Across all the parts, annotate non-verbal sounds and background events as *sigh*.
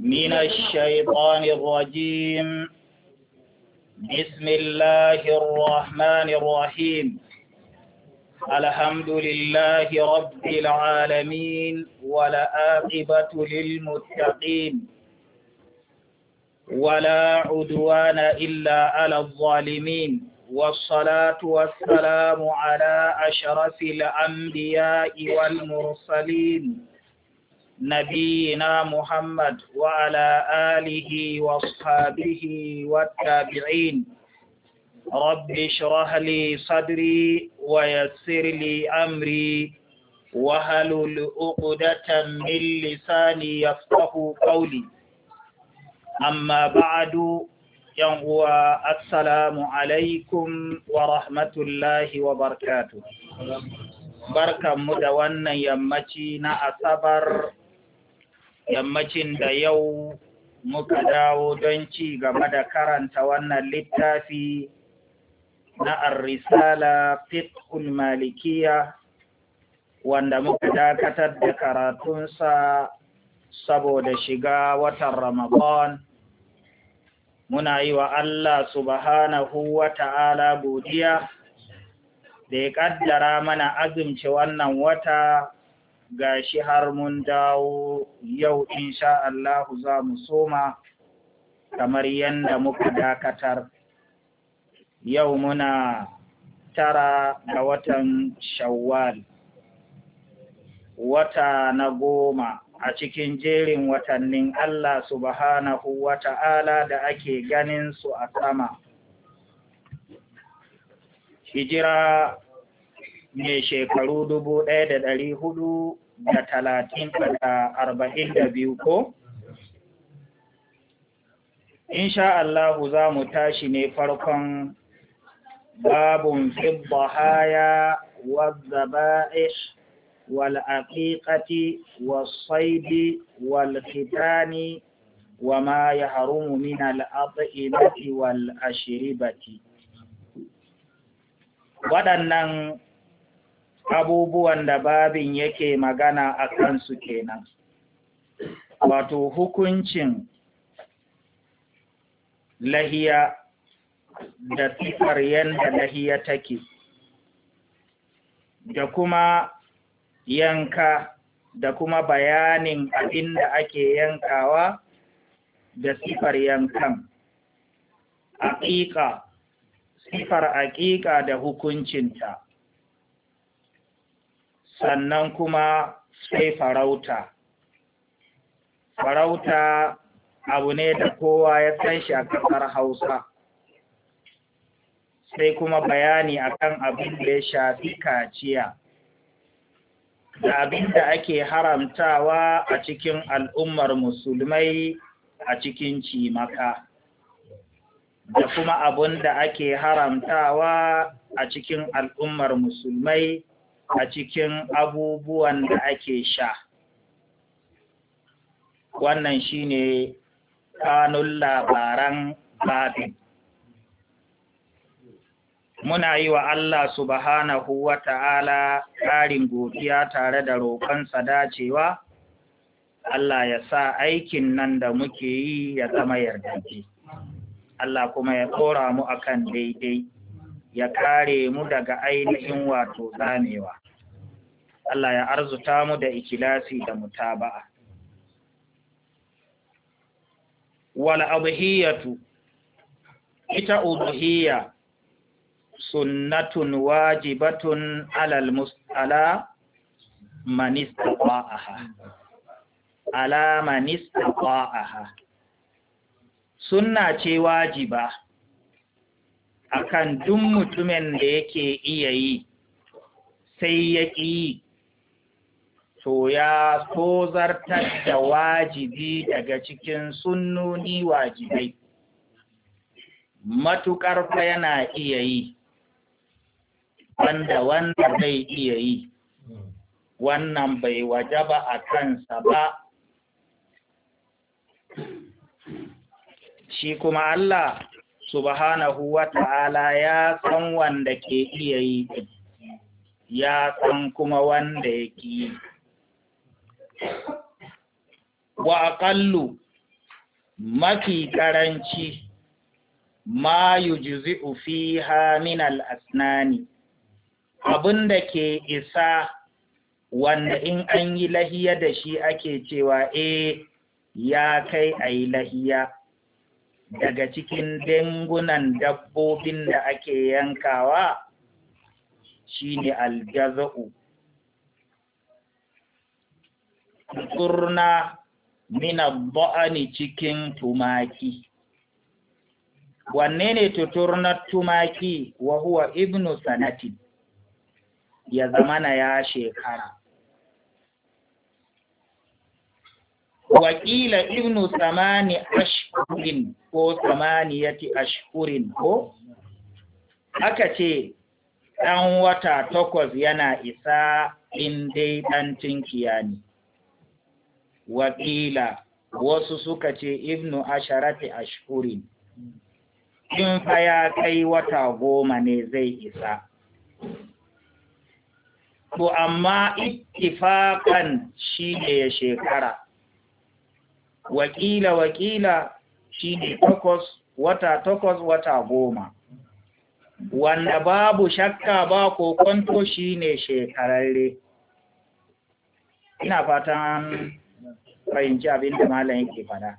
من الشيطان الرجيم بسم الله الرحمن الرحيم الحمد لله رب العالمين والآقبة للمتقين ولا عدوان إلا على الظالمين والصلاة والسلام على أشرف الأنبياء والمرسلين نبينا محمد وعلى آله وصحابه والتابعين رب اشرح لي صدري ويسر لي أمري وهلل عقدة من لساني يفقه قولي أما بعد ينقوى السلام عليكم ورحمة الله وبركاته barkan mu da wannan yammaci na asabar yammacin da yau muka dawo don ci gaba da karanta wannan littafi na ar-risala malikiya wanda muka dakatar da karatunsa saboda shiga watan ramadan muna yi wa Allah subhanahu wa ta'ala godiya da ya kaddara mana azumci wannan wata Ga shi har mun dawo yau insha Allah za mu soma kamar yadda muka dakatar yau muna tara ga watan shawwal wata na goma a cikin jerin watannin Allah subhanahu wa ta'ala da ake ganin su a sama hijira mai shekaru dubu ɗaya da ɗari hudu da talatin da arba'in da biyu ko? Insha Allahu za mu tashi ne farkon babun fibba haya wadda ba'ish والعقيقة wa والختان وما يحرم من الأطعمة والأشربة waɗannan abubuwan da babin yake magana a kansu kenan wato hukuncin lahiya da sifar yadda lahiya take da kuma yanka da kuma bayanin abin da ake yankawa da sifar yankan aƙiƙa sifar aƙiƙa da hukuncinta sannan kuma sai farauta farauta abu ne da kowa ya san shi a ƙasar hausa sai kuma bayani akan abin da ya shafi kaciya da abin da ake haramtawa a cikin al'ummar musulmai a cikin cimaka da kuma abin da ake haramtawa a cikin al'ummar musulmai a cikin abubuwan da ake sha wannan shine kanun labaran babin muna yi wa Allah subhanahu wa ta'ala ƙarin godiya tare da roƙonsa dacewa, Allah ya sa aikin nan da muke yi ya zama yardaji, Allah kuma ya ƙora mu akan daidai. ya kare mu daga ainihin wato zamewa Allah ya arzuta mu da ikilasi da mutaba'a wal abhiyatu ita ubhiya sunnatun wajibatun alal musala man istata'aha ala man istata'aha sunna ce wajiba akan duk mutumin da yake iya yi sai ya ƙi to ya tozartar da wajibi daga cikin sunnoni wajibai matuƙar fa yana iya yi wanda wanda bai iya yi wannan bai waje ba a kansa ba shi kuma Allah subhanahu wa ta'ala ya san wanda ke iya yi ya san kuma wanda ya ki wa aqallu mafi karanci ma yujzi'u fiha min al-asnani abinda ke isa wanda in an yi lahiya da shi ake cewa eh ya kai ayi lahiya daga cikin dangunan dabbobin da ake yankawa shine aljaza'u turna mina ba'ani cikin tumaki wanne ne tuturnar tumaki wa huwa ibnu sanati ya zamana ya shekara wakila ibnu samani as ashhurin ko samaniyati ashhurin ko aka ce ɗan wata takwas yana isa in dai ɗan tunkiya ne wakila wasu suka ce ibnu asharati ashhurin in fa ya kai wata goma ne zai isa to amma ittifakan shi ne ya shekara wakila wakila shi ne takwas wata takwas wata goma wanda babu shakka ba ko kwanto shi ne shekararre ina fatan fahimci abin da malam yake fada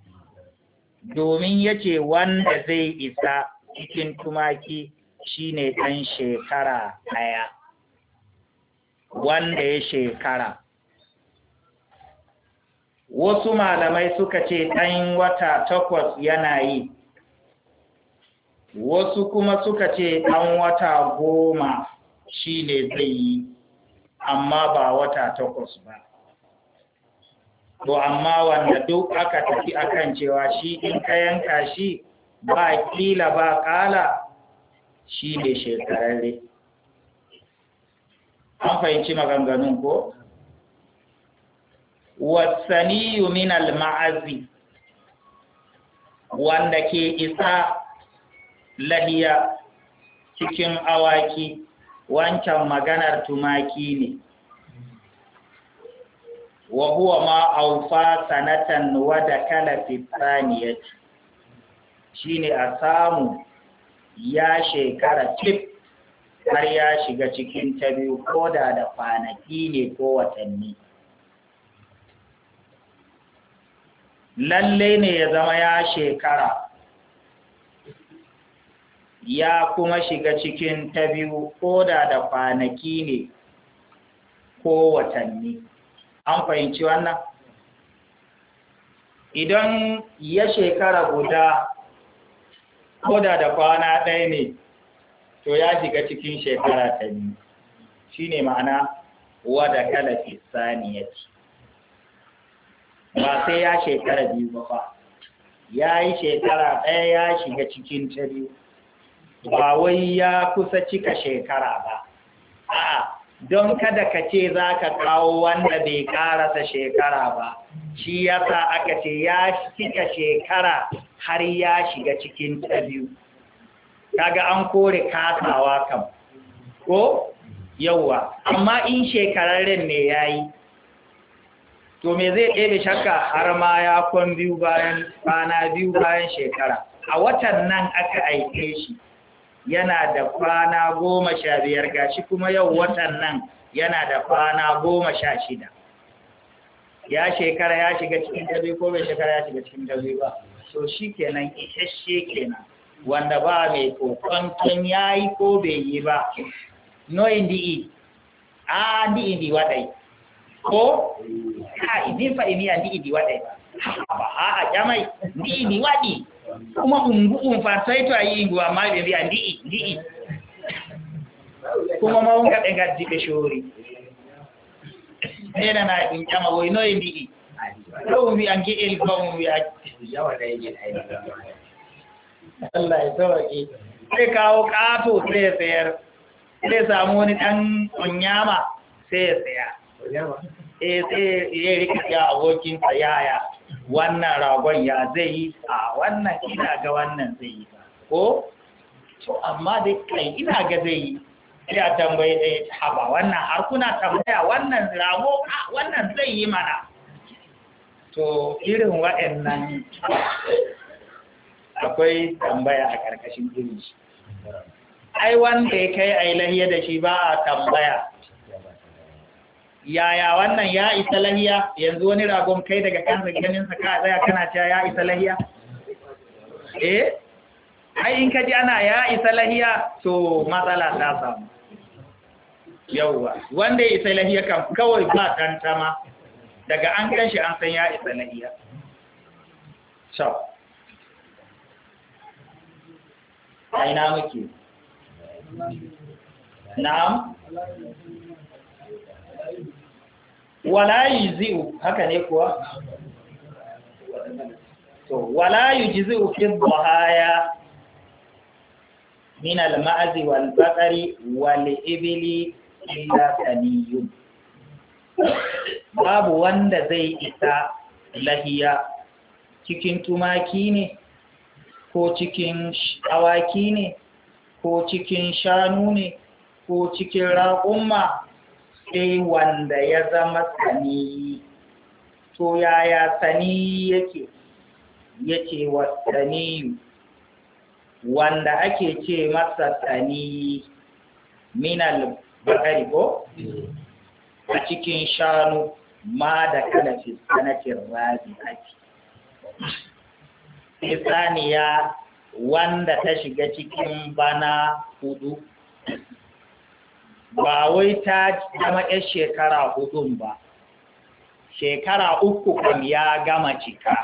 domin ya ce wanda zai isa cikin tumaki shi ne ɗan shekara ɗaya wanda ya shekara wasu malamai suka ce ɗan wata takwas yana yi wasu kuma suka ce ɗan wata goma shi ne zai yi amma ba wata takwas ba to amma wanda duk aka tafi akan cewa shi in ka yanka shi ba kila ba kala shi ne shekararre an fahimci maganganun ko? wasaniyu min al-ma'azi wanda ke isa lahiya cikin awaki wancan maganar tumaki ne wa huwa ma aufa sanatan wada kala shi shine a samu ya shekara cif har ya shiga cikin ta biyu ko da da kwanaki ne ko watanni lalle ne ya zama ya shekara ya kuma shiga cikin ta biyu ko da da kwanaki ne ko watanni an fahimci wannan idan ya shekara guda ko da da kwana ɗaya ne to ya shiga cikin shekara ta biyu shi ne ma'ana wadda kalafi fi ba sai ya shekara biyu ba fa ya yi shekara ɗaya ya shiga cikin ta biyu ba wai ya kusa cika shekara ba a'a don kada ka ce za ka kawo wanda bai karasa shekara ba shi yasa aka ce ya cika shekara har ya shiga cikin ta biyu kaga an kore kasawa kam ko yauwa amma in shekararren ne ya yi. to me zai ɗebe shakka har ma ya kwan biyu bayan kwana biyu bayan shekara a watan nan aka aike shi yana da kwana goma sha biyar gashi kuma yau watan nan yana da kwana goma sha shida ya shekara ya shiga cikin dabi ko bai shekara ya shiga cikin dabi ba to shi kenan isasshe kenan wanda ba mai kokonton ya yi ko bai yi ba no indi i a ah, ndi indi wadai ko ha idin fa imiya ni wade ha ha jamai ni ni wadi kuma ungu unfa sai to ayi ngwa ma be biya ndi ndi kuma maunga unga be gaddi be shori ena na in jama wo ino ndi to wi ange el ba wi a yawa dai ji Allah ya sauke sai kawo kato sai sayar sai samu wani dan onyama sai ya eh sai eh, ya rika ya abokinsa yaya wannan ragon ya zai yi a wannan ina ga wannan zai yi ko to amma dai kai ina ga zai yi sai a tambaye ɗaya haba wannan har kuna tambaya wannan rago a wannan zai yi mana to irin waɗannan akwai tambaya a ƙarƙashin irin shi ai wanda ya kai a yi lahiya da shi ba a tambaya yaya wannan ya isa lahiya yanzu wani ragon kai daga kan ganinsa ka tsaya kana cewa ya isa lahiya eh ai in kaji ana ya isa lahiya to matsala ta samu yauwa wanda ya isa lahiya kan kawai ba tantama daga an kanshi an san ya isa lahiya so na muke na'am wala yujzi'u haka ne kuwa to wala yujzi'u fi dhahaya min al-ma'zi wal baqari wal ibli illa babu wanda zai isa lahiya cikin tumaki ne ko cikin awaki ne ko cikin shanu ne ko cikin raƙumma sai wanda ya zama sani to yaya sani yake yace wasaniyu wanda ake ce masa sani minal bakari ko a cikin shanu ma da kanafi sanatin rabi ake saniya wanda ta shiga cikin bana hudu ba wai ta gama ‘yar shekara hudun ba, shekara uku kan ya gama cika,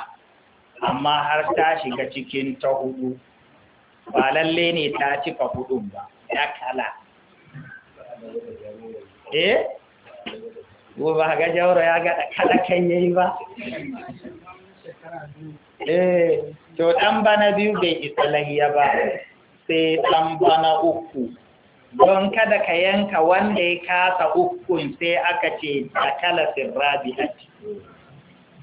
amma har ta shiga cikin ta hudu, ba lalle ne ta cika hudun ba, ya kala. Eh? Wo ba ga jauro ya kala kan yayi ba? Eh, to ɗan bana biyu bai isa lahiya ba, sai ɗan bana uku. don kada ka yanka wanda ya kasa ukun sai aka ce dakala sirrabi'a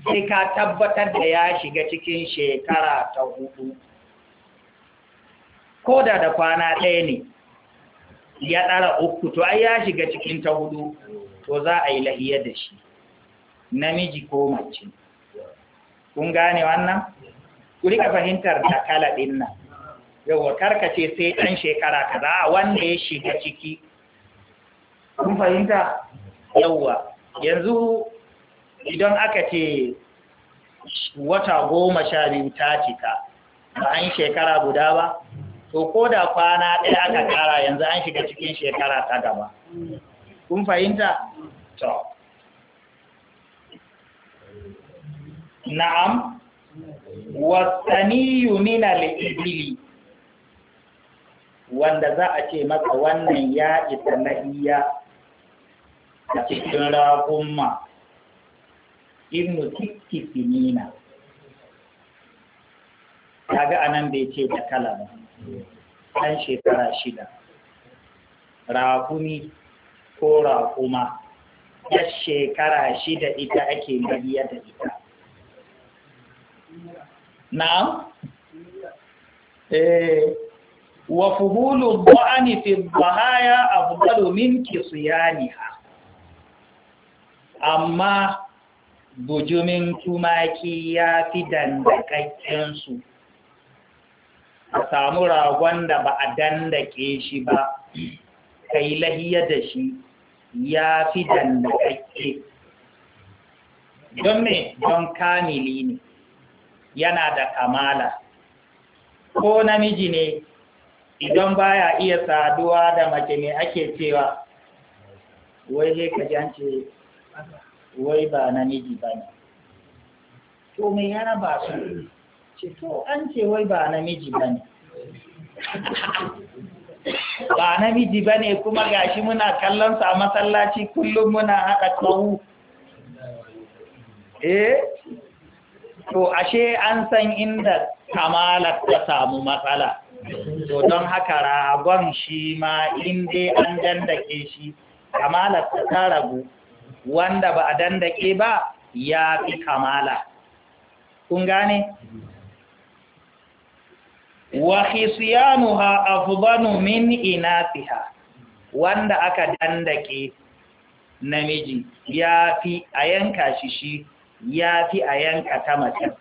sai ka tabbatar da ya shiga cikin shekara ta hudu ko da da kwana ɗaya ne ya ɗara uku to ai ya shiga cikin ta hudu to za a yi lahiya da shi namiji ko mace kun gane wannan ku rika fahimtar dakala ɗin nan ka karkace sai ɗan shekara ka za a wanda ya shiga ciki kun fahimta Yawwa, yanzu idan aka ce wata goma sha biyu ta cika ba an shekara guda ba to ko da kwana ɗaya aka ƙara yanzu an shiga cikin shekara ta gaba kun fahimta to na'am wasaniyu min ibili wanda za a ce maka wannan ya isa na iya a cikin raƙumma ibnu Ta ga anan bai ce da kalama ɗan shekara shida raƙumi ko raƙuma ya shekara shida ita ake miliya da ita na'am eh wa fuhulu dhani fi dhahaya afdalu min ha. amma bujumin tumaki ya fi dandakakken su a samu ragon da ba a dandake shi ba kai lahiya da shi ya fi dandakakke don me don kamili ne yana da kamala ko namiji ne idan baya iya saduwa da mace me ake cewa wai zai ka jance wai ba namiji ba ne to me yana ba su ce to an ce wai ba namiji ba ne ba namiji ba ne kuma gashi muna kallon sa a masallaci kullum muna haka tsawo eh to ashe an san inda kamalar ta samu matsala to don haka ragon shi ma in dai an dandake shi kamala ta ragu wanda ba a dandake ba ya fi kamala kun gane wa khisiyanuha afdanu min inatiha wanda aka dandake namiji ya fi a yanka shi shi ya fi a yanka ta mace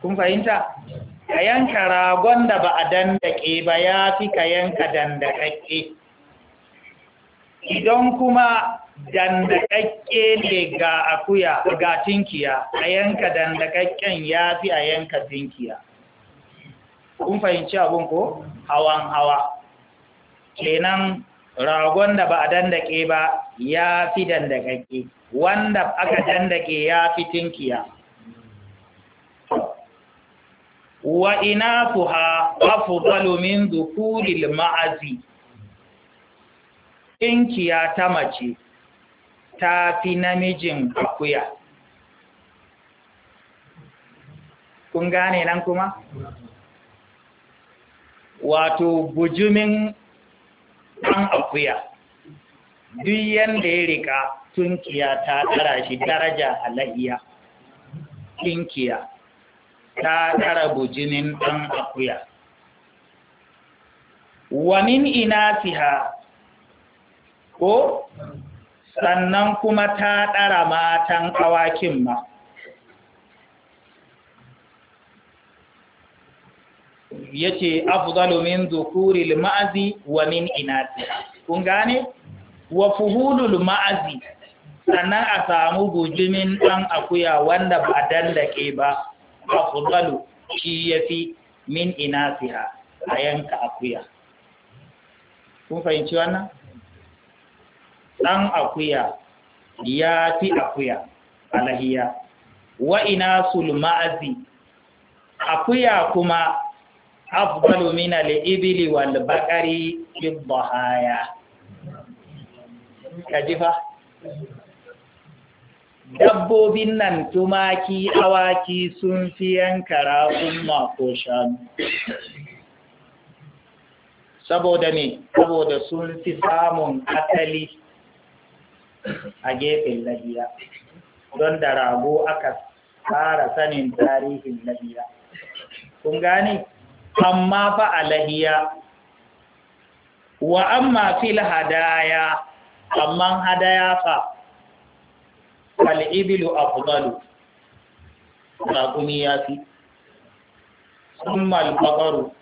kun fahimta ka yanka ragon da ba a dandake ba ya fi ka yanka dandakakke idan kuma dandakakke ne ga akuya ga tinkiya a yanka dandakakken ya fi a yanka tinkiya kun fahimci abun ko hawan hawa kenan ragon da ba a dandake ba ya fi dandakakke wanda aka dandake ya fi tinkiya wa inatuha afdalu min dhukuril ma'azi inkiya ta mace ta fi namijin akuya kun gane nan kuma wato bujumin ɗan akuya duk yanda ya rika tunkiya ta tsara shi daraja halayya lahiya ta ɗara bujinin ɗan akuya wa min inasiha ko sannan kuma ta ɗara matan awakin ma Ya ce min dhukuril ma'azi wa min inati kun gane wa fuhulul ma'azi sannan a samu bujimin ɗan akuya wanda ba dandake ba afdalu shi yafi min inasiha a yanka akuya kun fahimci wannan dan akuya ya fi akuya alahiya wa ina sulma'azi akuya kuma afdalu min al'ibili ibli wal baqari Ka dhahaya kajifa dabbobin nan tumaki awaki sun fi yanka raƙumma ko shanu saboda ne saboda sun fi samun asali a gefen labiya don da rago aka fara sanin tarihin labiya kun gane amma fa a lahiya wa amma fil hadaya amma hadaya fa fal'ibilu afdalu raƙumi ya fi sun malbabaru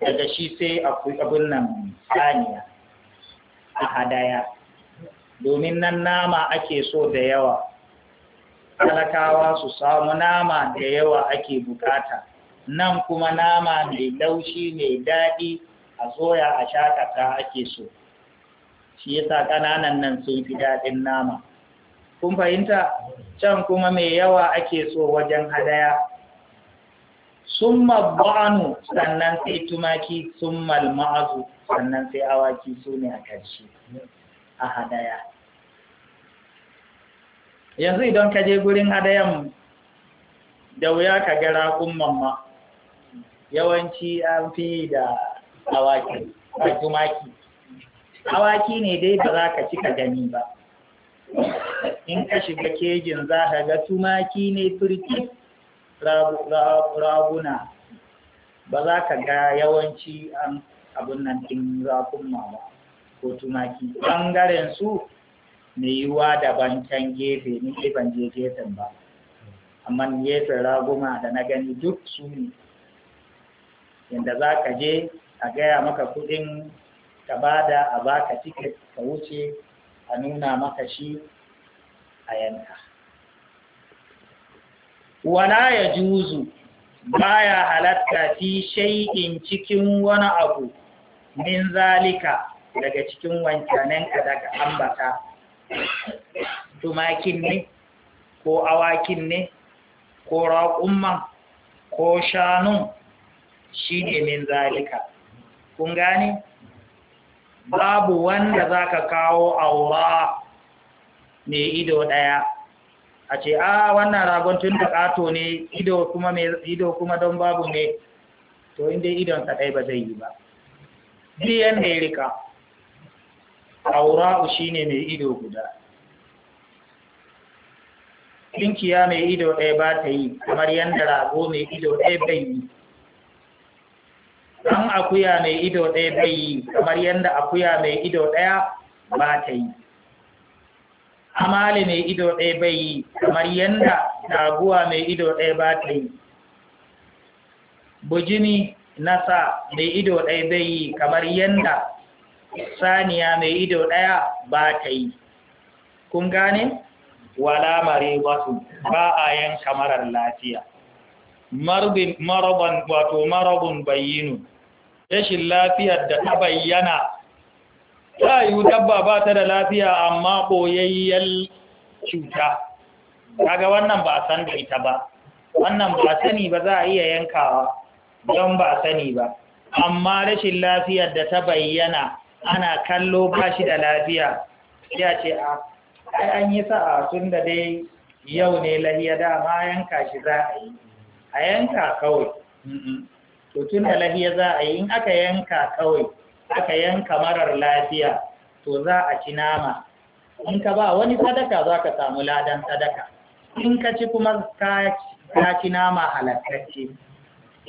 daga shi sai abin nan saniya a hadaya domin nan nama ake so da yawa talakawa su samu nama da yawa ake bukata nan kuma nama mai laushi mai daɗi a soya a shakata ake so shi yasa ƙananan nan sun fi daɗin nama kun fahimta can kuma mai yawa ake so wajen hadaya summa ba'anu sannan sai tumaki summa ma'azu sannan sai awaki su ne a ƙarshe a hadaya yanzu idan ka je gurin hadayan da wuya ka gara kun mamma yawanci an fi da awaki tumaki awaki ne dai ba za ka cika gani ba in ka shiga kejin za ka ga tumaki ne turki raguna ba za ka ga yawanci an abin nan ɗin rakun mama ko tumaki ɓangaren su mai yiwuwa daban can gefe ni ke ban je gefen ba amma gefen raguma da na gani duk su ne yadda za ka je a gaya maka kuɗin ka bada a baka tiket ka wuce a nuna maka shi ayanta wala ya juzu baya halatta fi shay'in cikin wani abu min zalika daga cikin wancanen ka daga ambata tumakin ne ko awakin ne ko raƙumman ko shanun shi ne min zalika kun gane babu wanda za ka kawo aura mai ido ɗaya a ce a wannan ragon tun da ƙato ne ido kuma ido kuma don babu ne to inda idon ka ɗai ba zai yi ba biyan da ya rika aura'u shine mai ido guda kinkiya mai ido ɗaya ba ta yi kamar yadda rago mai ido ɗaya bai yi ɗan akuya mai ido ɗaya bai yi kamar yadda akuya mai ido ɗaya ba ta yi Amali mai ido ɗaya bai yi kamar yadda taguwa mai ido ɗaya ba ta yi bujini nasa mai ido ɗaya bai yi kamar yadda saniya mai ido ɗaya ba ta yi kun gane wala mare batu ba a yanka marar lafiya marabin wato marabun bayyinu rashin lafiyar da ta bayyana ta yi dabba ba ta da lafiya amma ɓoyayyen cuta kaga wannan ba a san da ita ba wannan ba sani ba za a iya yankawa don ba sani ba amma rashin lafiyar da ta bayyana ana kallo ba shi da lafiya ya ce a ah, Ai an yi sa'a tun da dai yau ne lahiya dama yanka shi za a yi a yanka kawai Tutun da lahiya za a yi in aka yanka kawai aka yanka marar lafiya to za a ci nama in ka ba wani sadaka za ka samu ladan sadaka in ka ci kuma ka ci nama halattacce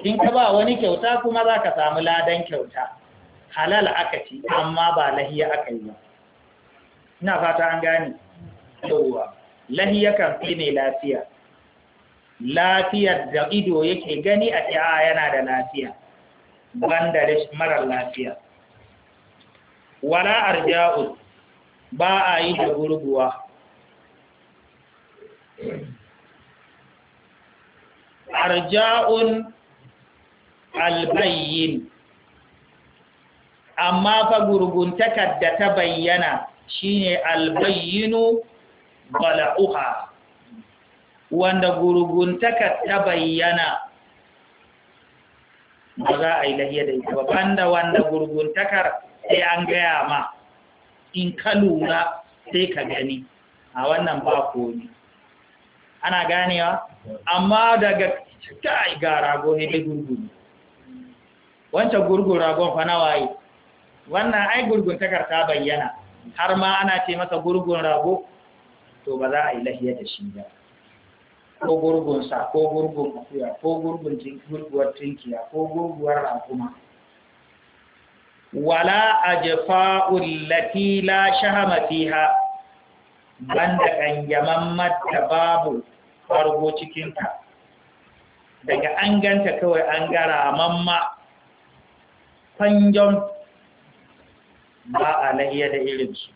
in ka ba wani kyauta kuma za ka samu ladan kyauta halal aka ci amma ba lahiya aka yi ba ina fata an gane yauwa lahiya kan fi ne lafiya lafiyar da ido yake gani a ce a ah, yana da lafiya banda da marar lafiya wala arja'u ba a yi da gurguwa arja'un albayyin amma fa gurguntakar da ta bayyana shine albayyinu bala'uha wanda gurguntakar ta bayyana ba za a yi lahiya da ita ba banda wanda gurguntakar sai an gaya ma in ka lura sai ka gani a wannan ba koni ana ganewa amma daga ta ga rago ne da gurguru wancan gurgun ragon fa na waye? wannan ai gurgun ta bayyana har ma ana ce masa gurgun rago to ba za a yi lahiya da shi ba ko gurgun sa ko gurgun akuya ko gurgun tinkiya ko gurguwar rakuma wala jefa lati la shahama fiha banda kangaman mata babu fargo cikinta daga an ganta kawai an gara mamma kwanjon ba a lahiya da irinsu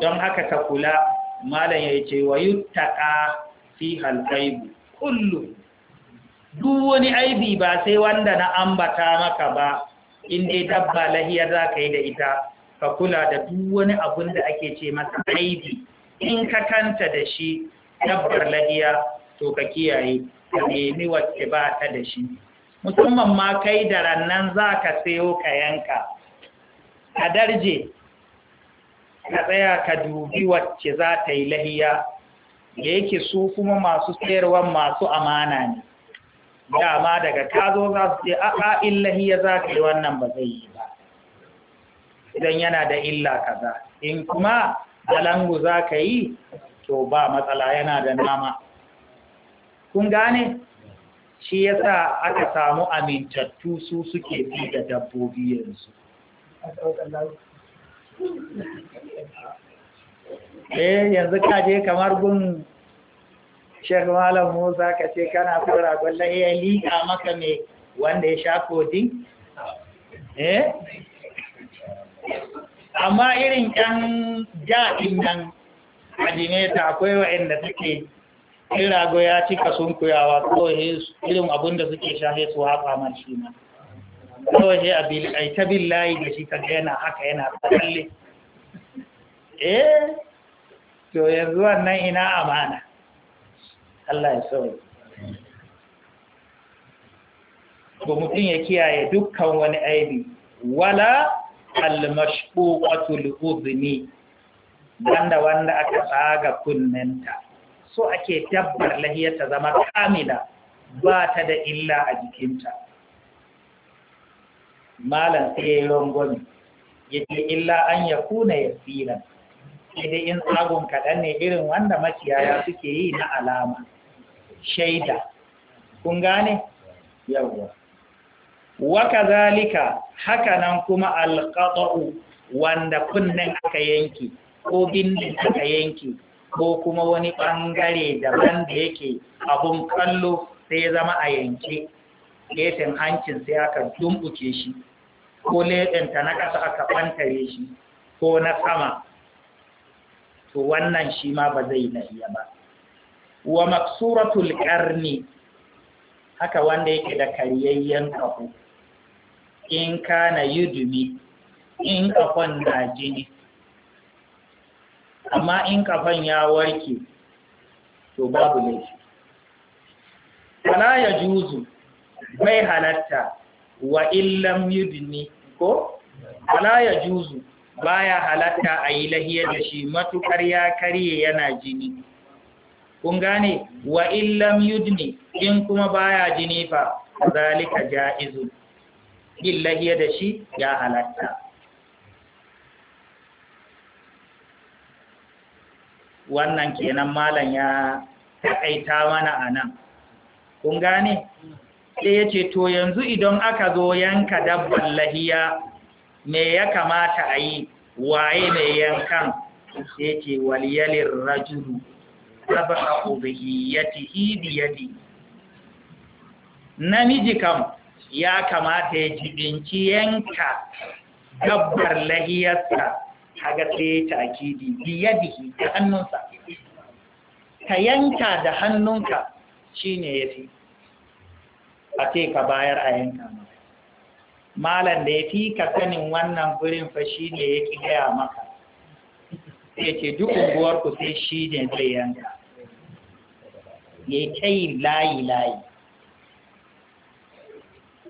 don haka ta kula malam ya ce wa taƙa fi halkaibu kullum duk wani aibi ba sai wanda na ambata maka ba in dai dabba lahiya za ka yi da ita ka kula da duk wani abun da ake ce masa aibi in ka kanta da shi dabbar lahiya to ka kiyaye ka nemi wacce ba ta da shi musamman ma kai da rannan za ka sayo ka yanka a darje ka tsaya ka dubi wacce za ta yi lahiya da yake su kuma masu sayarwa masu amana ne dama daga ka zo za su ce a'a illahiya za ka yi wannan ba zai yi ba idan yana da illa kaza in kuma alangu za ka yi to ba matsala yana da nama kun gane shi yasa aka samu amintattu su suke fi da dabbobi yanzu eh yanzu kaje kamar gun shek malam musa ka ce kana so ragon ya liƙa maka mai wanda ya sha kodin eh amma irin ƴan jaɗin nan a jineta akwai waɗanda suke in rago ya cika sun kuyawa kawai irin abinda suke sha su haɓa mashi ma kawai a ta bin layi da shi kaga yana haka yana tsalle eh to yanzu wannan ina amana Allah ya sauri. Ba mutum ya kiyaye dukkan wani aibi wala al-mashquqatul udhni wanda aka tsaga kunnenta so ake dabbar lahiyarta zama kamila ba ta da illa a jikinta malam sai ya rangwami ya ce illa an ya kuna ya tsira sai dai in tsagon kaɗan ne irin wanda makiyaya suke yi na alama shaida kun gane yawwa wa kazalika hakanan kuma alqata'u wanda kunnen aka yanki ko bindin aka yanki ko kuma wani bangare daban da yake abun kallo sai ya zama a yanke gefen hancin sai aka dumbuke shi ko leɗinta na ƙasa aka ɓantare shi ko na sama to wannan shi ma ba zai na iya ba wa maksuratul ƙarni haka wanda yake da karyayyen ƙaho in kana yudumi in ƙafon na jini amma in ƙafon ya warke to babu laifi wala ya juzu bai halatta wa illam yudumi ko wala ya juzu baya halatta a yi lahiyar da shi matukar ya karye yana jini kun gane wa illam yudni in kuma baya jini fa zalika ja'izu billahi da shi ya halatta wannan kenan malam ya taƙaita mana anan kun gane sai yace to yanzu idan aka zo yanka dabban lahiya me ya kamata a yi waye mai yankan sai yace waliyalin rajulu ذبح أضحيته بيده namiji kam ya kamata ya jibinci yanka gabbar lahiyarsa haga sai ta akidi biyadihi da hannunsa ka yanka da hannunka shine fi. a ce ka bayar a yanka malam da ya fi ka sanin wannan gurin fa shine ki gaya maka ya ce duk unguwarku sai shi ne zai yanka ya yi layi-layi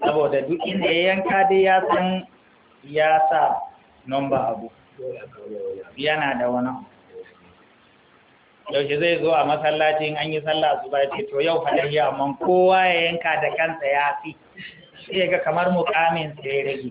saboda duk inda ya yanka dai ya san ya sa nomba abu yana da wani yaushe zai zo a masallacin an yi sallah su ba ce to yau halayya amma kowa ya yanka da kansa ya fi sai ga kamar mukamin sai rage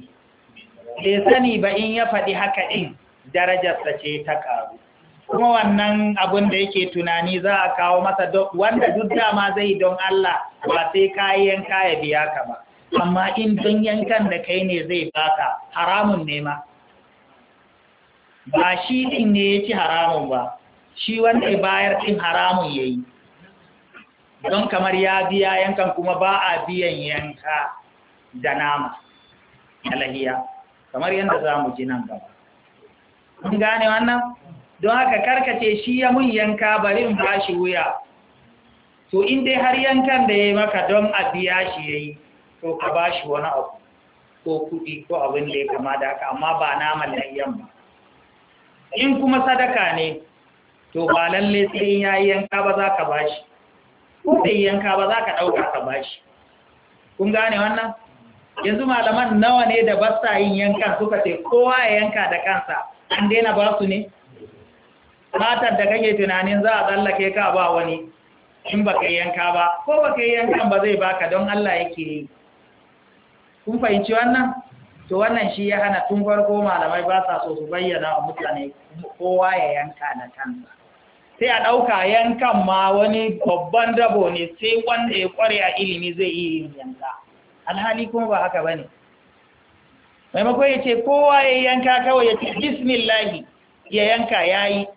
sai sani ba in ya faɗi haka ɗin darajarsa ce ta ƙaru kuma wannan abin da yake tunani za a kawo masa wanda duk dama zai yi don Allah ba sai kayan kaya biya ka ba amma in don yankan da kai ne zai baka haramun ne ma ba shi din ne ya ci haramun ba shi wanda ya bayar din haramun ya yi don kamar ya biya yankan kuma ba a biyan yanka da nama alahiya kamar yadda za mu ji nan gaba. Kun gane wannan? don haka karkace shi ya mun yanka barin ba shi wuya to in dai har yankan da ya maka don a biya shi ya yi to ka ba wani abu ko kuɗi ko abin da ya kama da haka amma ba naman layyan ba in kuma sadaka ne to ba lalle sai in yayi yanka ba za ka bashi ko bai yanka ba za ka ɗauka ka bashi kun gane wannan yanzu malaman nawa ne da ba yin yanka suka ce kowa ya yanka da kansa an daina ba su ne fatar da kake tunanin za a tsallake ka ba wani in ba ka yanka ba ko ba ka yankan ba zai baka don Allah yake yi kun fahimci wannan to wannan shi ya hana tun farko malamai ba sa so su bayyana a mutane kowa ya yanka na kansa sai a ɗauka yankan ma wani babban dabo ne sai wanda ya kware a ilimi zai yi yin yanka alhali kuma ba haka ba ne maimakon ya ce kowa ya yanka kawai ya ce bismillahi ya yanka ya yi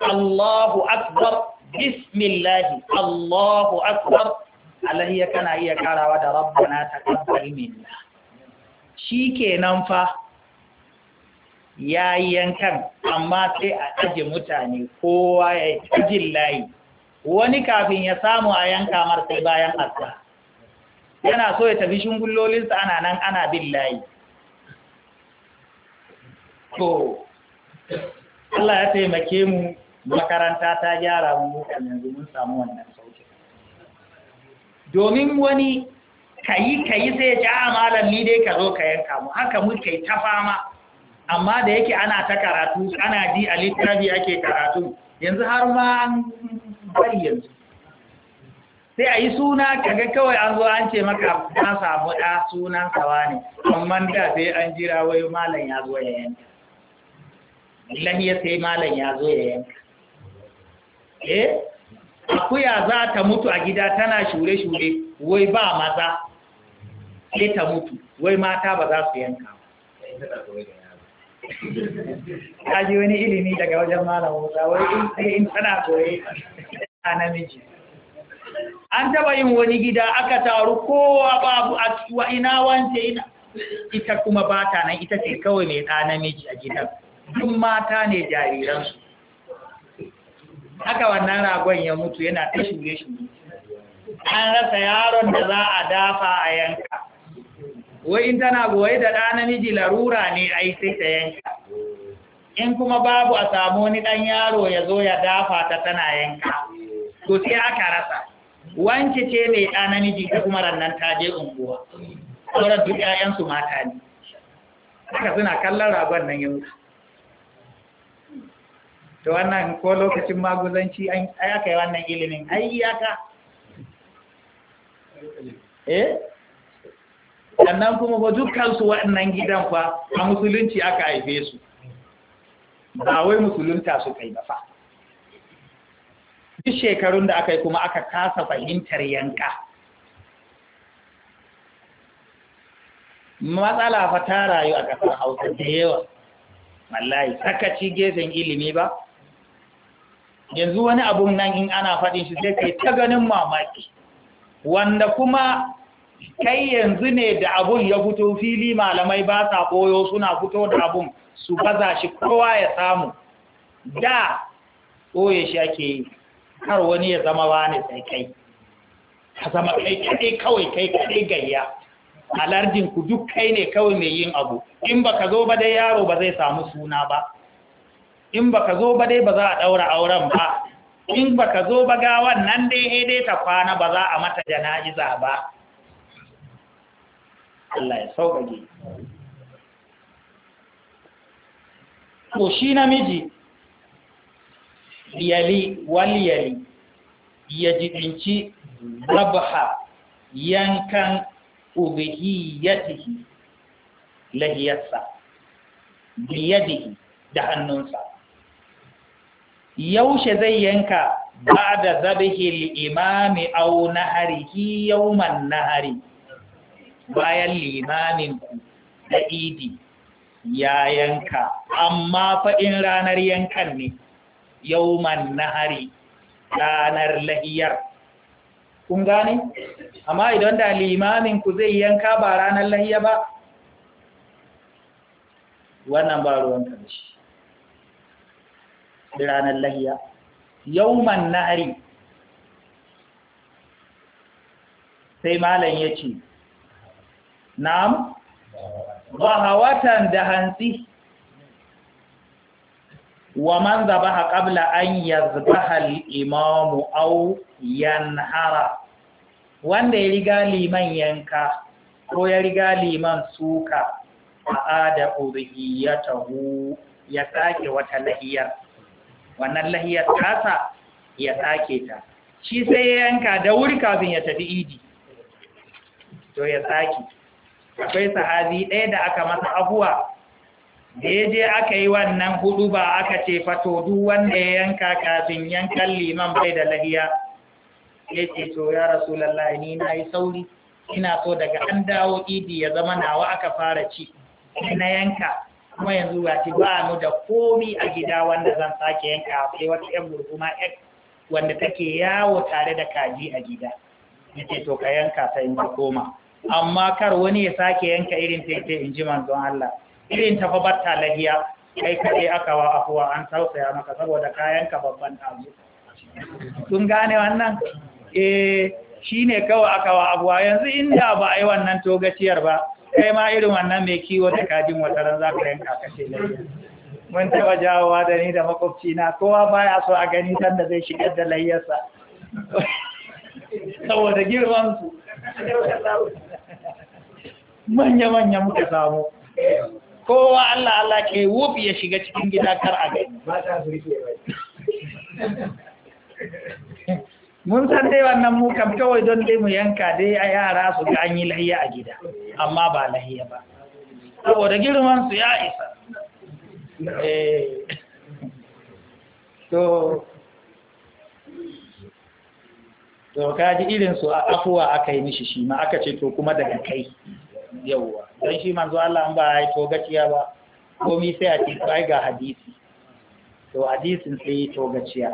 Allahu akbar bismillahi Allahu akbar alaiya kana iya karawa da ta taqabbal minna shikenan fa yayi yankan amma sai a aje mutane kowa ya aje layi wani kafin ya samu a yanka mar bayan azza yana so ya tafi shingullolinsa ana nan ana bin layi to Allah ya taimake mu makaranta ta gyara mu mukan yanzu mun samu wannan sauki domin wani kayi kayi sai ya a ah, malam ni dai ka zo ka yanka mu haka muke ta fama amma da yake ana ta karatu ana ji a littafi ake karatu yanzu har ma an bari yanzu sai a yi suna kaga kawai an zo an ce maka na samu ɗa sunan sawa ne amma da sai an jira wai malam ya zo ya yanka lahi ya sai malam ya zo ya yanka eh akuya za ta mutu a gida tana shure-shure wai ba maza sai ta mutu wai mata ba za su yanka ta ji wani ilimi daga wajen malam musa wai in tana koye a namiji an taba yin wani gida aka taru kowa babu a wa ina wance ina ita kuma ba ta nan ita ce kawai mai ɗa namiji a gidan dun mata ne jariransu haka wannan ragon ya mutu yana ta shige shi an rasa yaron da za a dafa a yanka wai in tana goye da ɗa namiji larura ne ai sai ta yanka in kuma babu a samu wani ɗan yaro ya zo ya dafa ta tana yanka to sai aka rasa wanke ce mai ɗa namiji ta kuma rannan ta je unguwa sauran duk 'ya'yansu mata ne haka suna kallon ragon nan ya mutu to wannan ko lokacin maguzanci an aka yi wannan ilimin ai iyaka eh sannan kuma ba dukkan su waɗannan gidan fa a musulunci aka haife su ba wai musulunta su kai ba fa duk shekarun da aka yi kuma aka kasa fahimtar yanka matsala fa ta rayu a ƙasar hausa da yawa wallahi sakaci gefen ilimi ba yanzu wani abun nan in ana faɗin shi sai kai ta ganin mamaki wanda kuma kai yanzu ne da abun ya fito fili malamai ba sa koyo suna fito da abun su baza shi kowa ya samu da koye shi ake yi har wani ya zama ba ne sai kai ka zama kai kaɗai kawai kai kaɗai gayya a lardinku duk kai ne kawai mai yin abu in ba ka zo ba dai yaro ba zai samu suna ba in baka zo ba dai ba za a daura auren ba in baka zo ba ga wannan dai dai ta kwana ba za a mata jana'iza ba Allah ya sauƙaƙe to shi namiji yali wal yali ya jibinci rabha yankan ubihiyatihi lahiyarsa biyadihi da hannunsa yaushe zai yanka ba da zabihil imami au ki yauman nahari bayan limamin ku da idi ya yanka amma fa in ranar yankan ne yauman nahari ranar lahiyar kun gane amma idan da limamin ku zai yanka ba ranar lahiya ba wannan ba ruwan kamshi. ranar lahiya yauman na'ari sai malam ya ce na'am watan da hantsi wa man zabaha qabla an yazbaha al-imamu aw yanhara wanda ya riga liman yanka ko ya riga liman suka ya udhiyatahu ya sake wata lahiyar wannan lahiyar tasa ya sake ta shi sai ya yanka da wuri kafin ya tafi idi to ya sake akwai sahabi ɗaya da aka masa abuwa da ya je aka yi wannan hudu ba aka ce fato duk wanda ya yanka kafin yankan liman bai da lahiya ya ce to ya rasu lallai ni na yi sauri ina so daga an dawo idi ya zama nawa aka fara ci na yanka kuma yanzu ba ce ba mu da komi a gida wanda zan sake yanka sai wata yan gurguma ex wanda take yawo tare da kaji a gida ce to ka yanka ta in koma amma kar wani ya sake yanka irin tete in ji manzon Allah irin ta fa batta lahiya kai kaɗai aka wa afuwa an tausaya maka saboda yanka babban abu kun gane wannan eh shine kawai aka wa abuwa yanzu inda ba a yi wannan togaciyar ba kai ma irin wannan mai kiwo da kajin ran za ka yanka kashe layya mun taba jawowa da ni da makwabcina na kowa baya so a gani sanda zai shigar da layyarsa saboda girman su manya-manya muka samu kowa Allah Allah ke wufi ya shiga cikin gida kar a gani mun san dai wannan mu kam kawai don dai mu yanka dai a yara su ga an yi lahiya a gida amma ba lahiya ba saboda girman su ya isa eh. to kaji irin su a afuwa aka yi mishi shi ma aka ce to kuma daga kai yawwa don shi manzo Allah an ba ya to gaciya ba komi sai a ce sai ga hadisi to hadisin sai to gaciya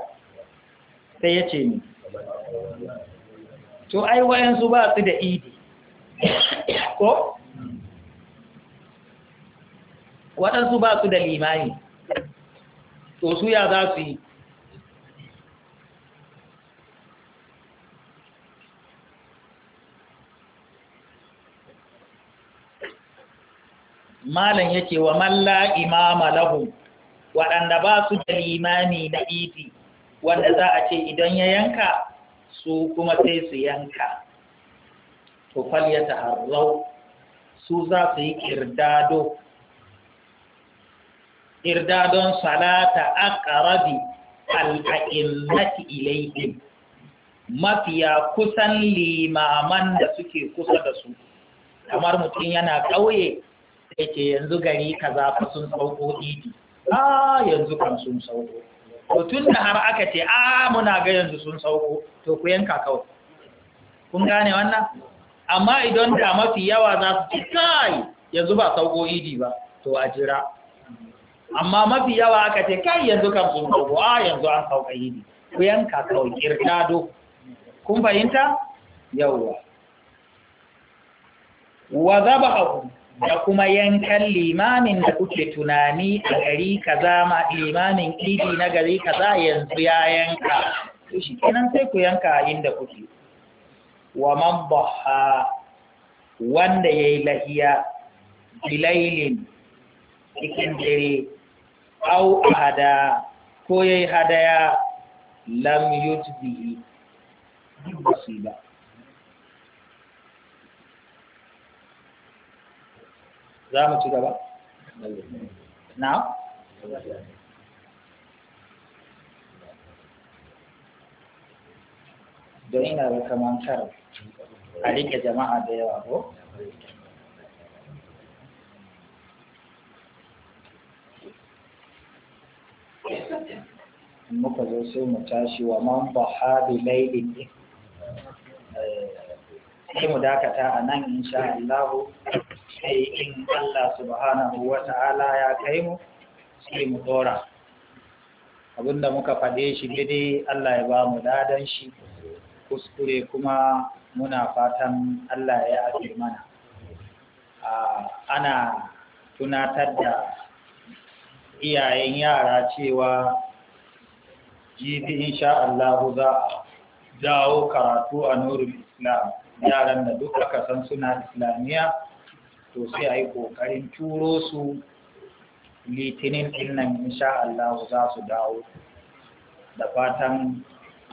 sai ya ce ni to ai wayansu ba su da idi ko waɗansu ba su da limani to su ya za su yi malam yake wa malla imama lahu waɗanda ba su da limani na idi wanda za a ce idan ya yanka su kuma sai su yanka to falya taharau su za su yi irdado irdadon salata aqrabi al-a'immati ilayhim mafiya kusan limaman da suke kusa da su kamar mutum yana ƙauye ce yanzu gari kaza fa sun sauko idi a ah, yanzu kan sun sauko to tun da har aka ce a muna ga yanzu sun sauko to ku yanka kawai kun gane wannan amma idan da mafi yawa za su ci kai yanzu ba sauko idi ba to a jira amma mafi yawa aka ce kai yanzu kan sun sauko a yanzu an sauka idi ku yanka kawai kirtado kun fahimta yawwa wa hakuri da kuma yankan limamin da kuke tunani a gari kaza ma limamin idi na gari kaza yanzu ya yanka to shi kenan sai ku yanka inda kuke wa man baha wanda yayi lahiya bilailin cikin dare au hada ko ya yayi hadaya lam su ba za mu ci gaba na don ina da kamantar a rike jama'a da yawa ko muka zo sai mu tashi wa man baha bi lailin eh, sai mu dakata a nan insha Allah sai in Allah subhanahu wa ta'ala ya kai mu sai mu dora abinda muka faɗe shi dai Allah ya ba mu ladan shi kuskure kuma muna fatan Allah ya yi mana ana tunatar da iyayen yara cewa jibi insha Allah za a dawo karatu a nurul islam yaran da duk aka san suna islamiyya to sai a yi ƙoƙarin turo su litinin nan insha Allah za su dawo da fatan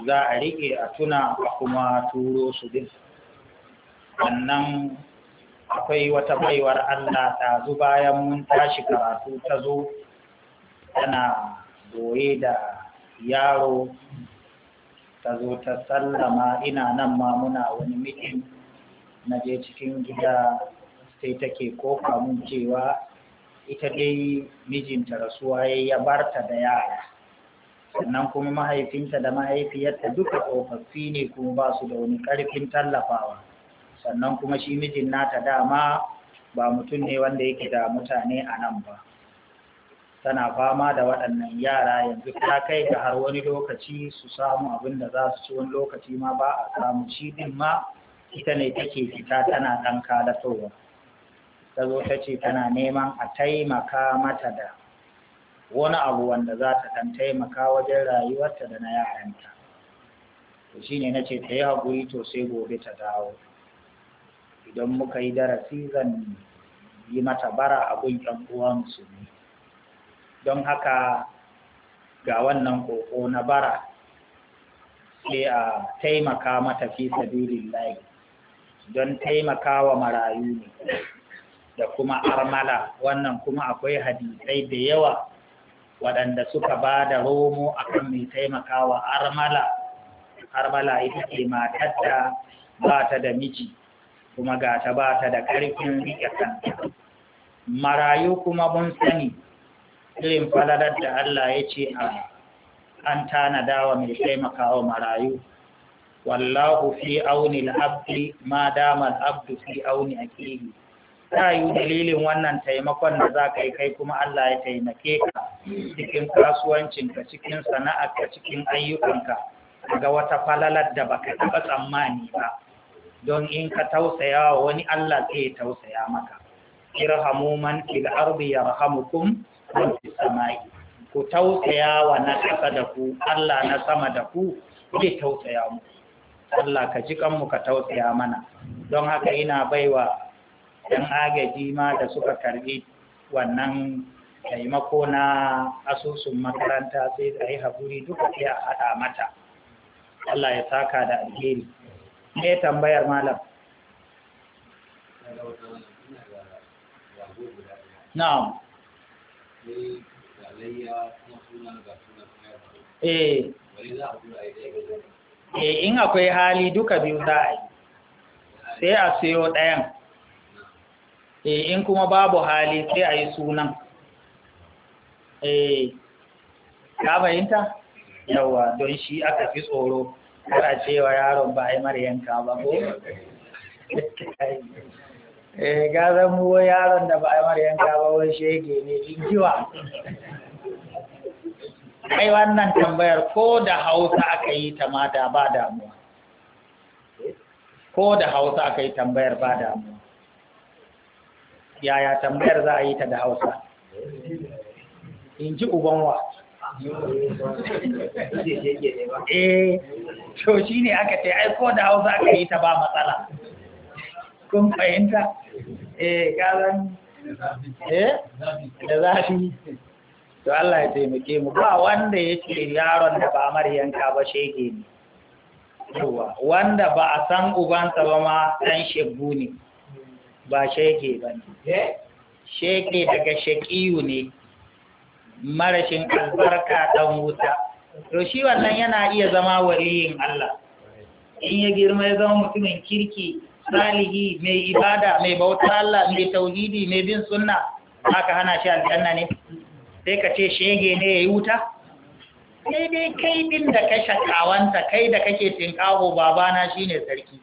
za a riƙe a tuna a kuma turo su din sannan akwai wata baiwar Allah ta zu bayan mun tashi karatu ta zo tana goye da yaro ta zo ta sallama ina nan ma muna wani mikin na je cikin gida sai take koka mun cewa ita dai mijinta rasuwa ya barta da yara sannan kuma mahaifinta da mahaifiyarta duka tsofaffi ne kuma ba su da wani ƙarfin tallafawa sannan kuma shi mijin nata dama ba mutum ne wanda yake da mutane a nan ba tana fama da waɗannan yara yanzu ta kai ga har wani lokaci su samu abin da za su ci wani lokaci ma ba a samu shi din ma ita ne take fita tana ɗan kalatowa ta zo ta ce tana neman a taimaka mata da wani abu wanda za ta ɗan taimaka wajen rayuwarta da na yaranta to shine na ce ta yi haƙuri to sai gobe ta dawo idan muka yi darasi zan yi mata bara abun 'yan su ne don haka ga wannan koko na bara sai a taimaka mata fi sabilillahi don taimaka wa marayu ne da kuma armala wannan kuma akwai hadisai da yawa waɗanda suka ba da romo akan mai taimakawa armala armala ita ce matar da ba ta da miji kuma ga ta ba ta da ƙarfin riƙe kanta marayu kuma mun sani irin falalar da Allah ya ce a an tanada wa mai taimakawa marayu wallahu fi auni al-abdi ma damar abdu fi auni akihi ta yi dalilin wannan taimakon da za ka yi kai kuma Allah ya taimake ka cikin kasuwancinka cikin ka cikin ayyukanka ga wata falalar da baka taɓa tsammani ba don in ka tausaya wa wani Allah zai tausaya maka irhamu man fil ardi yarhamukum wa fis samai ku tausaya wa na ƙasa da ku Allah na sama da ku zai tausaya mu Allah ka ji kanmu ka tausaya mana don haka ina baiwa yan agaji ma da suka karbi wannan taimako na asusun makaranta sai da yi haƙuri duka sai a haɗa mata Allah ya saka da alheri me tambayar malam na'am eh eh in akwai hali duka biyu za a yi sai a siyo ɗayan e in kuma babu hali sai a yi sunan e ka bayinta yawa don shi aka fi tsoro kada cewa yaron ba a yi ka ba ko *laughs* eh gazan mu yaron da ba a yi mara yanka ba wani shege ne jiwa ai wannan tambayar ko da hausa aka yi ta mata ba damuwa ko da hausa aka yi tambayar ba damuwa yaya tambayar za a yi ta da hausa in ji ubanwa eh to shi ne aka ce aiko da hausa aka yi ta ba matsala kun fahimta eh kazan eh da zafi to Allah ya taimake mu ba wanda ya ce yaron da ba maryanka ba shege ne wanda ba a san ubansa ba ma dan shegu ne ba shege ba ne eh? shege daga shaƙiyu ne marashin albarka ɗan wuta to shi wannan yana iya zama waliyin Allah in ya girma ya zama mutumin kirki salihi mai ibada mai bauta Allah mai tauhidi mai bin sunna aka hana shi aljanna ne sai ka ce shege ne ya yi wuta sai dai kai din da ka shakawanta kai da kake tinkawo babana shine sarki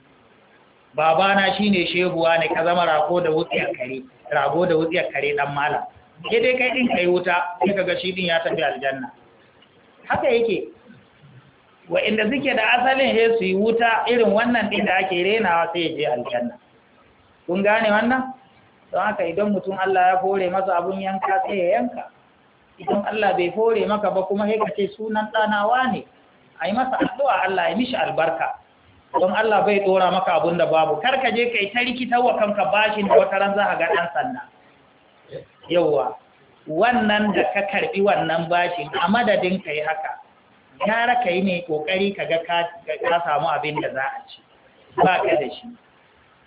babana shine shehuwa ne ka zama rago da wutsiyar kare rago da wutsiyar kare dan malam ke dai kai din kai wuta sai kaga shi din ya tafi aljanna haka yake Wa inda suke da asalin he su yi wuta irin wannan din da ake renawa sai ya je aljanna kun gane wannan don haka idan mutum Allah ya fore masa abun yanka sai ya yanka idan Allah bai fore maka ba kuma sai ka ce sunan ɗanawa ne a masa addu'a Allah ya mishi albarka don Allah bai dora maka abun da babu kar ka je kai ta rikita wa kanka bashin da wata ran za a ga ɗan sanda Yawwa, wannan da ka karbi wannan bashin a madadin ka yi haka gara ka yi ne kokari ka ga ka samu abin da za a ci ba ka da shi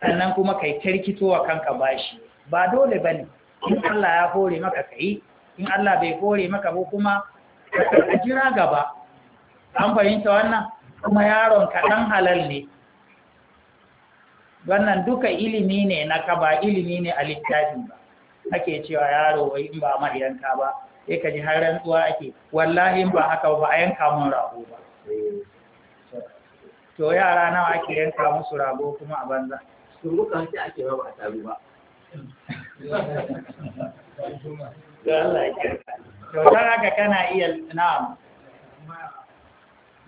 sannan kuma kai ta rikito wa kanka bashi ba dole ba ne, in Allah ya hore maka ka yi, in Allah bai hore maka ko kuma ka jira gaba an fahimta wannan kuma yaron kaɗan halal ne wannan duka ilimi ne na ka ba ilimi ne a littafin ba ake cewa yaro wai in ba ma ba sai ka ji har rantsuwa ake wallahi in ba haka ba a yanka mun rago ba to yara nawa ake yanka musu rago kuma a banza surukan sai ake ba ba ba *laughs* to Allah ya kyautar haka kana iya na'am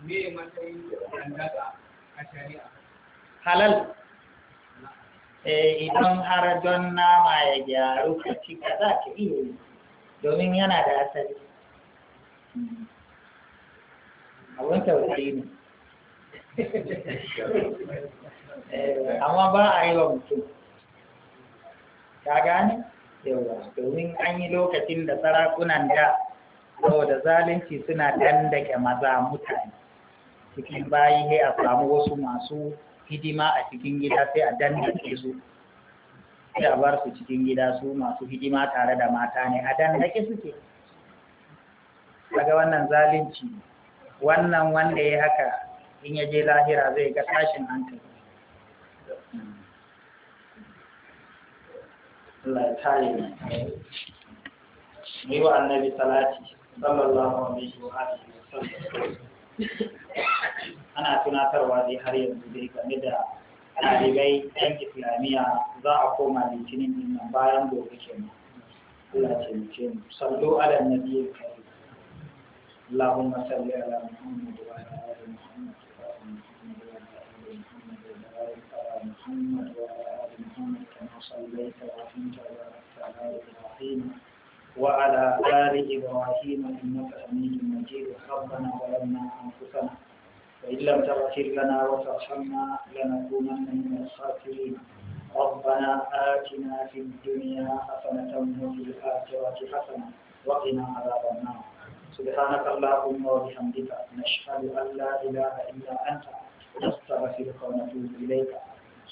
me matsayin a shari'a halal eh, idan har don nama ya gyaru ka ci ka za ka iya yi domin yana da asali abin tausayi ne eh, amma ba a yi wa mutum ka gane yawa domin an yi lokacin da sarakunan da saboda zalunci suna dandake maza mutane cikin bayi sai a samu wasu masu hidima a cikin gida sai a dandake su sai a bar su cikin gida su masu hidima tare da mata ne a dandake suke daga wannan zalunci wannan wanda ya haka in ya je lahira zai ga tashin hankali Allah ya tare ne wa annabi salati sallallahu alaihi wa wa sallam ana tunatarwa dai har yanzu dai game da ɗalibai ɗan islamiyya za a koma litinin din nan bayan gobe kenan Allah ce mu ce mu sallu ala nabiyyi karim Allahumma salli ala Muhammad wa ala ali Muhammad محمد وعلى آل محمد كما صليت وأنت وباركت على إبراهيم وعلى آل إبراهيم إنك حميد مجيد ربنا ظلمنا أنفسنا وإن لم تغفر لنا وترحمنا لنكونن من الخاسرين ربنا آتنا في الدنيا حسنة وفي الآخرة حسنة وقنا عذاب النار سبحانك اللهم وبحمدك نشهد أن لا إله إلا أنت نستغفرك ونتوب إليك